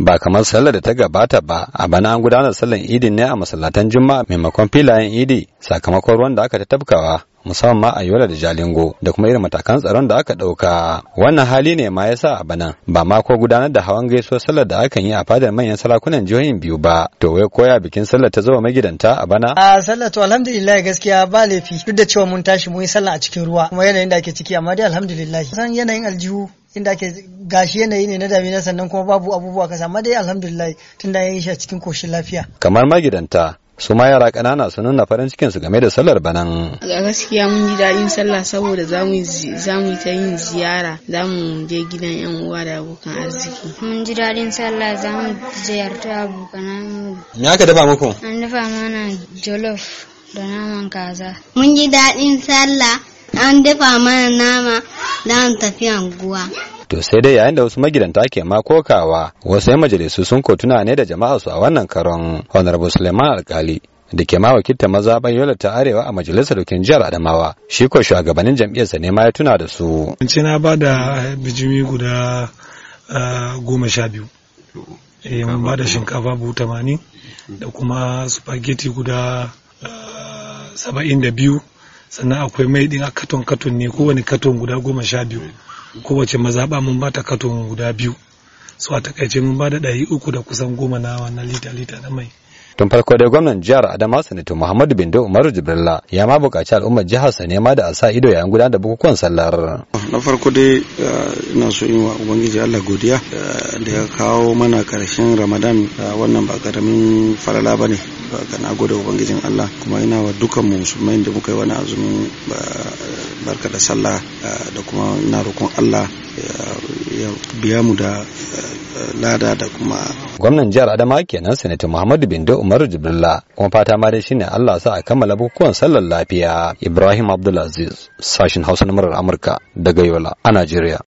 ba kamar sallar da ta gabata ba a bana an gudanar sallar idin ne a masallatan juma'a maimakon filayen idi sakamakon ruwan da aka ta tabkawa musamman ma a yola da jalingo da kuma irin matakan tsaron da aka ɗauka wannan hali ne ma yasa a banan? ba ma ko gudanar da hawan gaisuwar sallar da akan yi a fadar manyan sarakunan jihohin biyu ba to wai koya bikin sallar ta zama magidanta a bana a sallar to alhamdulillah gaskiya ba laifi duk da cewa mun tashi mun yi sallah a cikin ruwa kuma yanayin da ake ciki amma dai alhamdulillah san yanayin aljihu inda ake gashi yanayi ne na damina sannan kuma babu abubuwa kasa amma dai alhamdulillah tunda ya yi shi a cikin koshin lafiya kamar magidanta su ma yara ƙanana su nuna farin cikinsu game da sallar banan. A gaskiya mun ji daɗin sallah saboda za mu yi ta yin ziyara za mu je gidan yan uwa da abokan arziki. Mun ji daɗin sallah za mu ziyarta abokan Ya ka dafa muku? An dafa mana jollof da naman kaza. Mun ji daɗin sallah an dafa mana nama da an tafi anguwa. To sai dai yayin da wasu magidanta ke ma kokawa wasu 'yan majalisu sun ko tuna ne da jama'a su a wannan karon Honorable Suleiman Alkali da ke ma wakilta maza yola ta arewa a majalisar dokin jihar adamawa shi ko shugabannin jam'iyyarsa ne ma ya tuna da su. Kance na ba da bijimi guda ah, goma sha biyu. Eh, mun ba da shinkafa buhu tamanin da kuma spaghetti guda ah, saba'in da biyu sannan akwai mai ɗin a katon katon ne kowane katon guda goma sha biyu. kowace mazaɓa mun ba ta katon guda biyu su a takaice mun ba da ɗari uku da kusan goma na wannan lita lita na mai tun farko dai gwamnan jihar adama sanatu muhammadu bindo umaru jibrilla ya ma buƙaci al'ummar jihar sa nema da a sa ido yayin gudanar da bukukuwan sallar na farko dai eh, ina so in wa ubangiji allah godiya eh, da ya kawo mana karshen ramadan eh, wannan ba karamin farala ba ne ba na gode ubangijin allah kuma ina wa dukan musulmai da muka yi wani azumin barka da sallah da kuma ina roƙon allah ya biya mu da lada da kuma gwamnan jihar adama kenan sanata muhammadu bindo umaru jibrilla kuma fata ma dai shine allah sa a kammala bukukuwan sallar lafiya ibrahim abdulaziz sashin hausa na murar amurka daga yola a najeriya